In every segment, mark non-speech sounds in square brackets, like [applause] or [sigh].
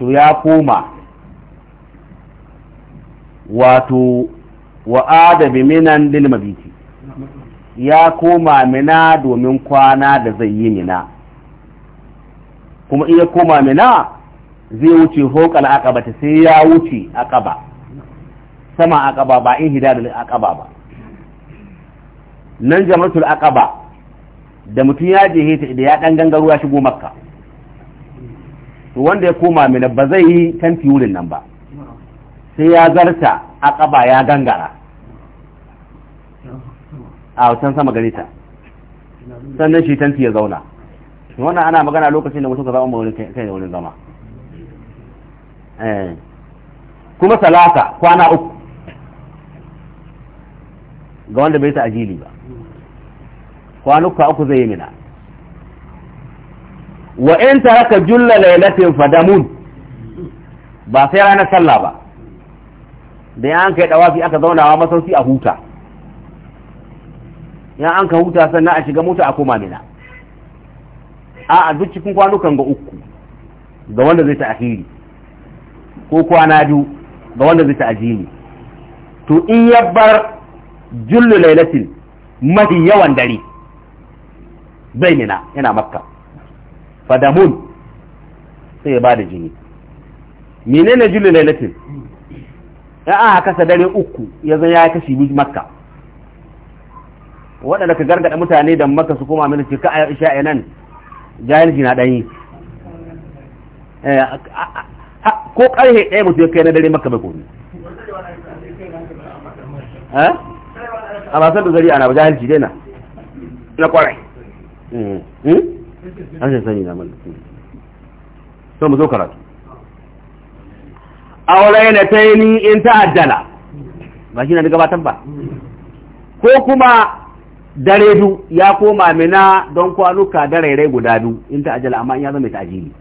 to ya koma wato wa'ada bi minan lil mabiti ya koma mina domin kwana da zai yi mina kuma iya koma mina zai wuce hokal akaba ta sai ya wuce akaba sama akaba ba in da akaba ba nan jamratul akaba da mutum ya je ta idan ya dan gangaro ya shigo makka to wanda ya koma mina ba zai yi tanti wurin nan ba sai ya zarta a ƙaba ya gangara a can sama ganita ta sannan shi tanti ya zauna wannan ana magana lokacin da mutum ka zama wani kai da wurin zama eh. kuma salata kwana uku ga wanda bai ta ajili ba kwanuka uku zai yi mina wa in taraka julla lailatin fadamun ba sai ranar sallah ba da ya an kai dawafi aka zaunawa masauki a huta ya an ka huta sannan a shiga mota a koma mina a a duk cikin kwanukan ga uku ga wanda zai ta ahiri ko kwana biyu ga wanda zai ta ajini to in ya bar jullu lailatin mafi yawan dare bai mina yana makka fadamun sai ya ba da jini menene julin lailatin ya aka kasa dare uku ya zai ya kashi biyu makka waɗanda ka gargaɗa mutane da makka su koma mini cika a isha nan jahilci na ɗanyi eh, ko ƙarfe ɗaya mutu ya kai na dare makka bai komi eh? a masan da zari ana ba jahilci dai na na ƙwarai hmm? Hmm? rashin sani na mallaki So mu zo karatu aure na ta yi in ta'addala ba shi na da batan ba ko kuma dare du ya koma mina don kwanuka darairai guda du in ta'addala amma in ya zama ta'ajili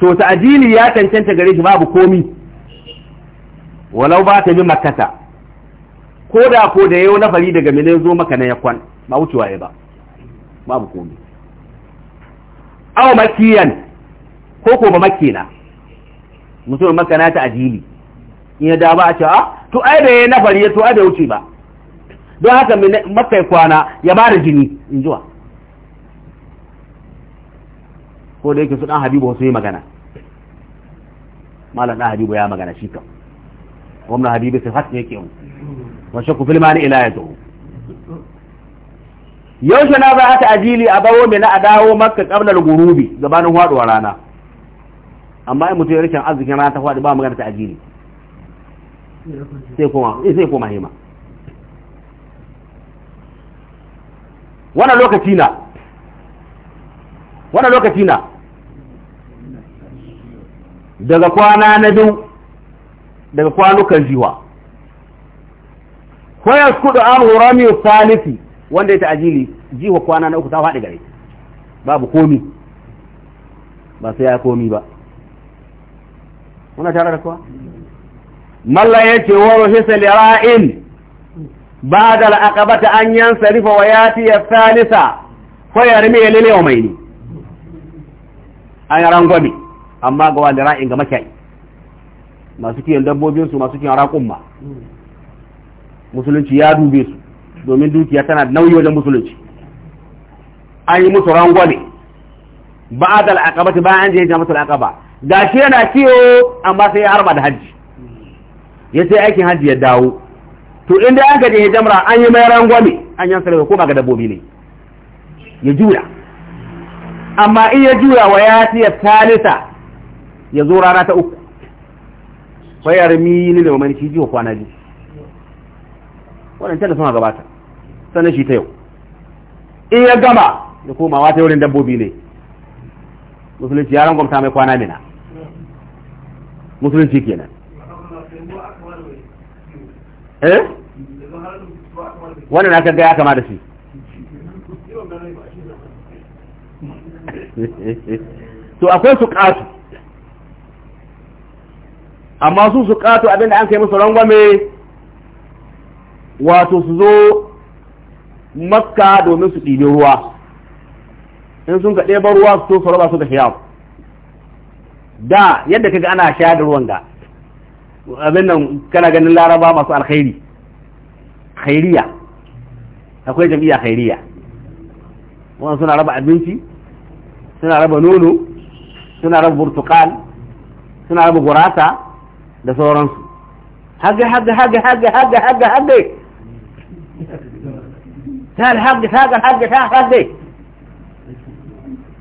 to ta'ajili ya cancanta gare shi babu komi walau ba ta bi makata ko da ko da yau na fari daga mina zo maka na yakwan ba wucewa ya ba babu komai aw makiyan ko ko ba makina mutum makana ta ajili in ya da ba a ce a to ai da yayi nafari ya to ai da wuce ba don haka makai kwana ya ba da jini in jiwa ko da yake su dan habibu su yi magana malam dan habibu ya magana shi kan wannan habibu sai fatin yake mu wa shakku fil mani ila yadu yaushe na za ta ajili a bawo mai na a dawo maka kablar gurubi gabanin faduwa rana amma in mutum ya rikin arzikin rana ta faɗi ba magana ta ajili sai koma eh, sai koma hima wannan lokaci na wannan lokaci na daga kwana na biyu daga kwanukan jiwa ko kudu an hurami salisi wanda ya ta'ajili wa kwana na uku ta faɗi gare babu komi ba sai ya komi ba muna tare da malla ya ce wa ruhisa lira'in ba da ta an yansa sarifa wa yati ya salisa ko ya rime ya lele wa mai ne an yi gwami, amma ga wanda ra'in ga makiyayi masu kiyan dabbobinsu masu kiyan raƙumma musulunci ya dube su domin dukiya tana da nauyi wajen musulunci an yi musu rangwame dal al-aqabati bayan je jama'a al-aqaba shi yana ciwo amma sai ya harba da hajji ya sai aikin hajji ya dawo to inda an gaje ya jama'a an yi mai rangwame an yi sarrafa ko ba ga dabbobi ne ya jura amma in ya jura wa ya tiya talisa ya zo rana ta uku fayar mini da mamanci jiwa kwana biyu wannan da suna gabata sanar shi ta yau in ya gama da koma wata wurin dabbobi ne musulunci ya rangwamta mai kwana mina musulunci kenan eh wannan na kaga ya kama da shi [laughs] to akwai su ƙasu amma su su ƙasu abinda an kai musu rangwame wato su zo makka domin su ɗibi ruwa in sun ka ɗeba ruwa su to su raba su ga shiyar da yadda kaga ana shayar da ruwan ga abin nan kana ganin laraba masu alkhairi khairiya akwai jam'iyya khairiya wannan suna raba abinci suna raba nono suna raba burtukal suna raba gurata da sauransu haga haga haga haga haga haga haga تعال حق ساق الحق تعال حق دي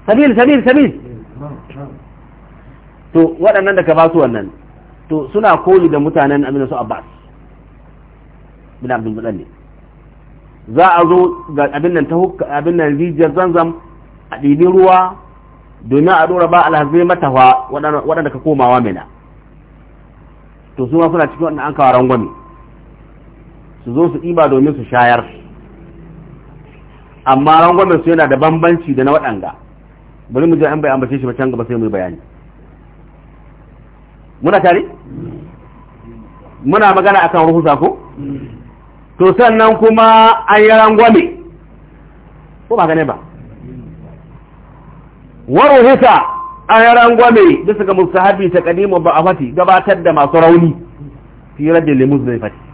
سبيل سبيل سبيل to waɗannan da ka ba su wannan to suna koyi da mutanen amina su abbas bin abdul mutsalli za a zo ga abin nan ta abin nan rijiyar zanzam a ɗibi ruwa domin a ɗora ba alhazai matawa waɗanda ka komawa mina to su ma suna cikin waɗanda an kawo rangwame su zo su ɗiba domin su shayar amma rangwamen su yana da bambanci da na waɗanga bari mu ji an bai ambace shi ba can gaba sai mu bayani muna tare muna magana akan ruhusa ko to sannan kuma an yi rangwame ko ba gane ba wa ruhusa an yi rangwame bisa ga mustahabi ta kadimu ba a fati gabatar da masu rauni fi lemus limus ya fati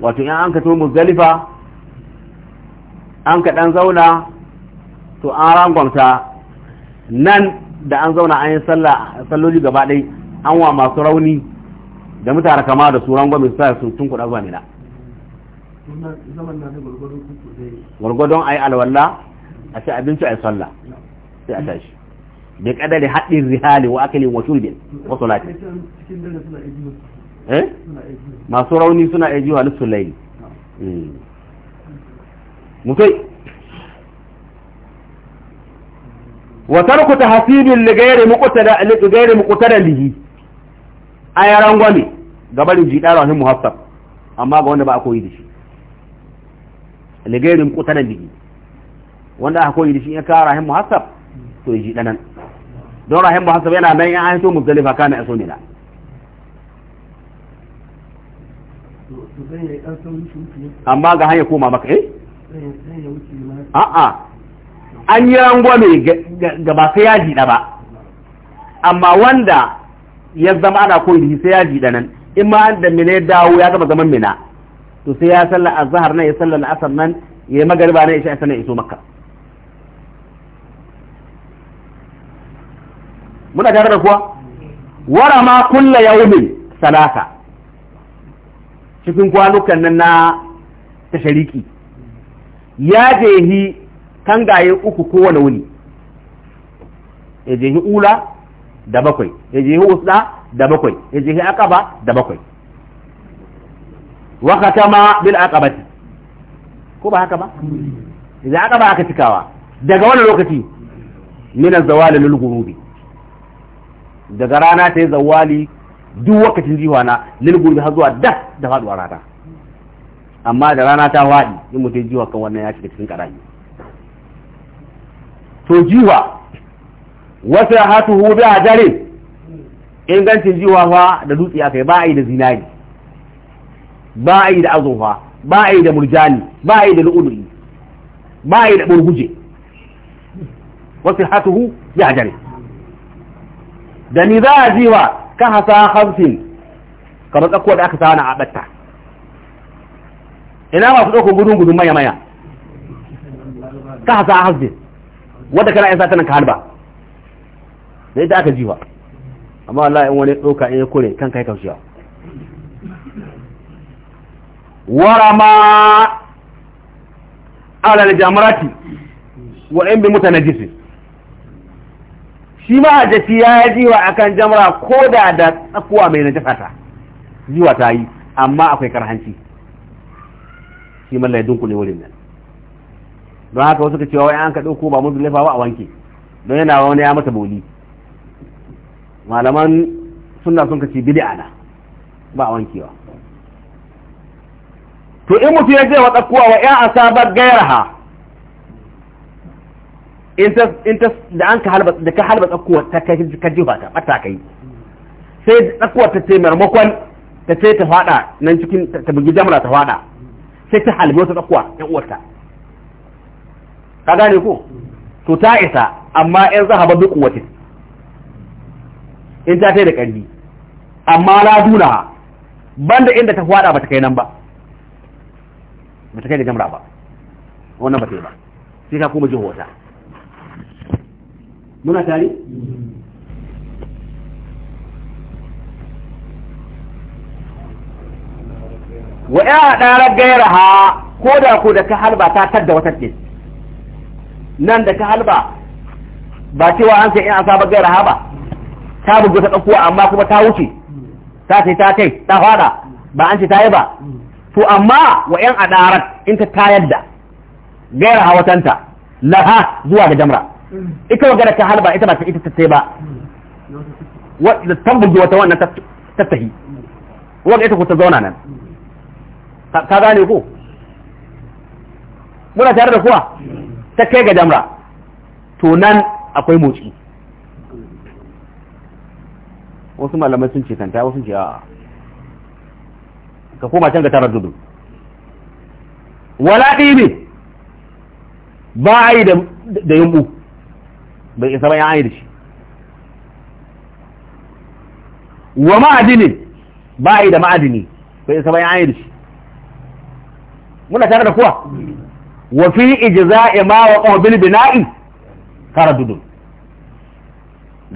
wato in an ka to muzdalifa an ka dan zauna to an rangwamta nan da an zauna an yi salloli gaba ɗai an wa masu rauni da mutane kama da su rangwame su sun tun kuɗa zuwa nila gwargwadon a yi alwallah a ci abinci a yi sallah sai a tashi bai kadari haɗin rihali wa akalin wa shurbin wasu latin Eh? masu rauni suna iya jiwa nisu laili hmm. mutai wa tarku tahsilin li ghairi muqtada li ghairi muqtada lihi ayaran gwani gabarin wani muhassab amma ga wanda ba a koyi da shi li ghairi muqtada lihi wanda a koyi da shi ya kawo rahim muhassab to ji nan don rahim muhassab yana nan ya an so muzdalifa kana na. amma ga hanyar koma maka eh a'a an yi rangwame ga gaba sai ya jiɗa ba amma wanda ya zama ana koyi sai ya jiɗa nan in ma da mina ya dawo ya gama zaman mina to sai ya salla zahar nan ya salla asar nan ya magariba nan ya sha nan iso maka muna tare da kuwa wara ma kulla yaumin salasa cikin kwanukan nan na tashariki ya jehi tangaye uku kowane wuni ya jehi ula da bakwai ya jehi usda da bakwai ya jehi akaba da bakwai wa ma bil akabati ko ba haka ba idan ba aka cikawa daga wani lokaci minan az-zawali lil daga rana ta yi zawali duk wakacin jiwa na lil gurbi har zuwa da da faduwa rana amma da rana ta wadi in mutum jiwa kan wannan ya shiga cikin karami to jiwa wasu ya hudu a dare. ingancin jiwa fa da dutse aka kai ba a yi da zinari ba a yi da azurfa ba a yi da murjani ba a yi da lu'ulu'i ba a yi da burguje wasu hatuhu a jare da ni za a jiwa ka hasa hamsin kamar tsakuwa da aka sa wani abatta ina masu ɗaukar gudun gudun maya maya ka hasa hamsin wadda kana sa tana ka halba da ita aka jiwa amma Allah in wani ɗauka in ya kore kan kai kaushewa warama alal jamrati wa in bi mutanajjisin shi mahajjaci ya yi jiwa akan jamra ko da da tsakuwa mai na jafata jiwa ta yi amma akwai karhanci shi mallai dunku ne wurin nan don haka wasu ka cewa wai an ka ɗauko ba musu zulefa ba a wanke don yana wani ya mata boli malaman suna sun kace bidi ana ba a wankewa to in mutum ya je wa tsakuwa wa ‘yan asabar gairaha in ta da an ka halba da ka halba tsakuwar ta kai ka jifa ta bata kai sai tsakuwar ta ce maimakon ta ce ta fada nan cikin ta bugi jamra ta fada sai ta halbe wata tsakuwa ɗan uwarta ka gane ko to ta isa amma in zahaba bi kuwatin in ta kai da ƙarfi amma la duna banda inda ta fada bata kai nan ba bata kai da jamra ba wannan bata yi ba sai ka koma jin wata muna tare wa ya dara gaira ha ko da ko da ka halba ta tadda wata ce nan da ka halba ba cewa an sai in an saba gaira ha ba ta bugu ta dauko amma kuma ta wuce ta sai ta kai ta fara ba an ce ta yi ba to amma wa yan adarat in ta tayar da gaira hawatanta laha zuwa ga jamra ita magana ta halba ita ba ta ita ta ba wadda tambuge wata wannan tattahi wadda ita ko ta zauna nan ka gane ko muna tare da kuwa ta kai ga jamra to nan akwai motsi wasu malamai sun ce kanta wasu ce a ka koma can ga tarar dudu wala ne ba a yi da yumbu bai isa ba ya ayi da shi wa ma'adinin ba yi da ma'adini bai isa ba ya ayi da shi muna tare da kuwa wa fi ijza'i ima wa qabil bina'i taradudun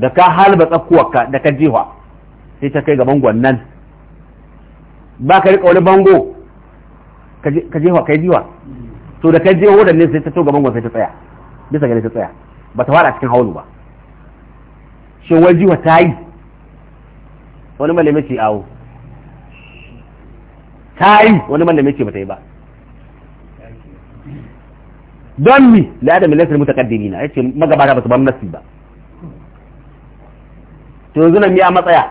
da ka halba tsakkuwarka da ka jiwa sai ta kai ga bangon nan ba ka riƙa wani bango ka jefa kai jiwa to da ka jiwa wadannan sai ta to ga bangon sai ta tsaya bisa gare ta tsaya ba ta fara cikin haulu ba shin wai wa tayi yi wani malami ce awo tayi wani wani malami ce bata yi ba don mi la da milasir mutakaddimi na yace magabata ba su ban nasi ba to yanzu nan ya matsaya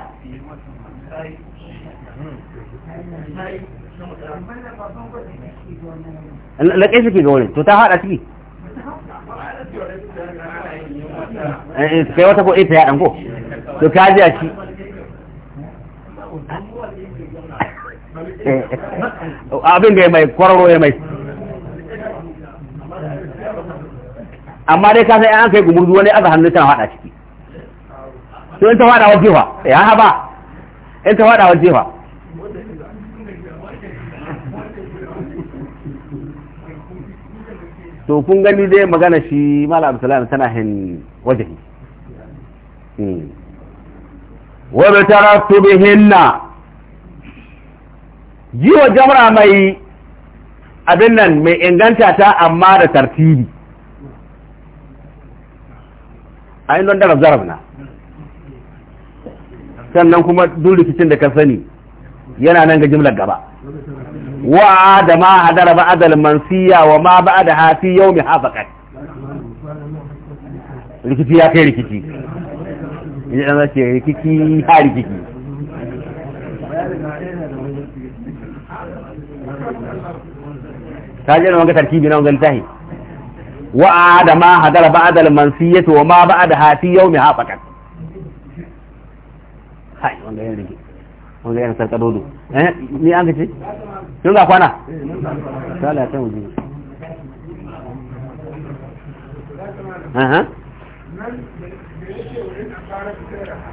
laƙe shi ke ga wani to ta haɗa ciki Eh, kai wata ko ta yaɗan ko to ka ji a shi eh, abin da ya mai kwararo ya mai amma dai ka sai an kai gumurzu wani aza hannu tana fada ciki to in ta fada wa jefa ya haba in ta fada wa jefa to kun gani dai magana shi malam salam tana hin wajahi wani tarattu bihinna yi wa jamra mai abin nan mai inganta ta amma da tartibi a don darab na sannan kuma duk rikicin da ka sani yana nan ga jimlar gaba wa da ma hadara ba adal mansiya wa ma ba da hafi yau mai kai. rikici ya kai rikici ya ɗan zace rikici ya rikici ta jana wanga tarkibi na wangan tahi wa da ma hadara ba'da al-mansiyati to ma ba'da hati ha fakat hai wanga wanga sarka dodo eh ni an gace tun ga kwana sala ta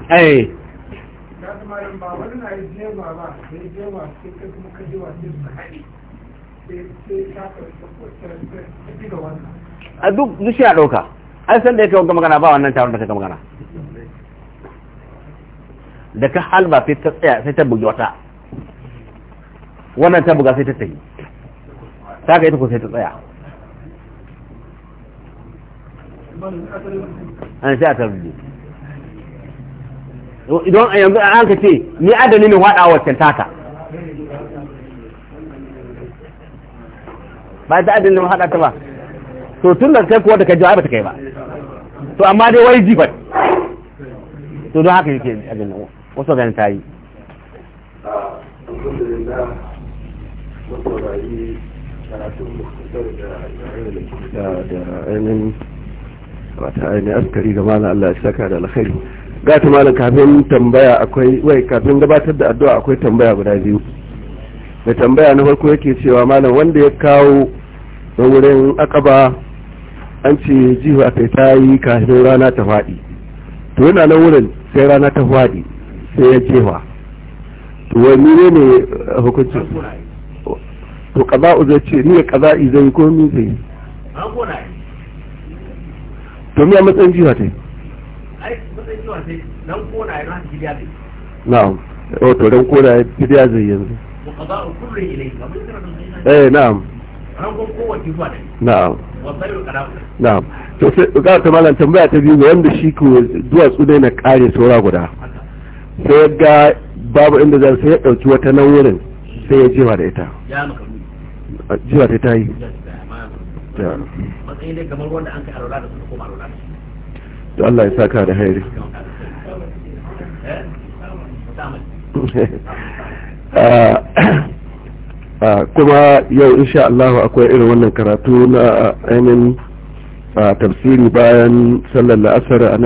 ai eh. a duk duk shi a ɗauka an san da ya kawo magana ba wannan taron da ka magana da ka halba sai ta tsaya sai ta bugi wata wannan ta buga sai ta tsaye ta ka ita ko sai ta tsaya an sai a tarbi idan a yanzu an ka ce ni adali ne waɗa waccan taka ba ta adali ne haɗa ta ba to tun da kai kuwa da kai jawa ba ta kai ba to amma dai wai jifat to don haka yake adali wasu ganin ta yi da ainihin wata ainihin askari ga malam Allah ya saka da alkhairi ga ta malam kafin tambaya akwai wai kafin gabatar da addu'a akwai tambaya guda biyu da tambaya na farko yake cewa malam wanda ya kawo da wurin akaba an ce jihu kai ta yi kafin rana ta faɗi to yana nan wurin sai rana ta faɗi sai ya jefa to wani ne ne hukuncin to kaza zai ce ni kaza'i zai ko ni zai to a matsayin jiwa ta eh, yi na'am wato to ran kona ya fi da zai yanzu eh na'am na'am na'am to sai ga ta malam tambaya ta biyu wanda shi ko duwatsu ne na kare saura guda sai ga babu inda zai sai ya dauki wata nan wurin sai ya jiwa da ita jiwa ta yi da kuma da su Allah ya saka da hairi [laughs] ah, ah, kuma yau insha Allah akwai irin wannan karatu na ah, ainihin tafsiri bayan sallar la'asar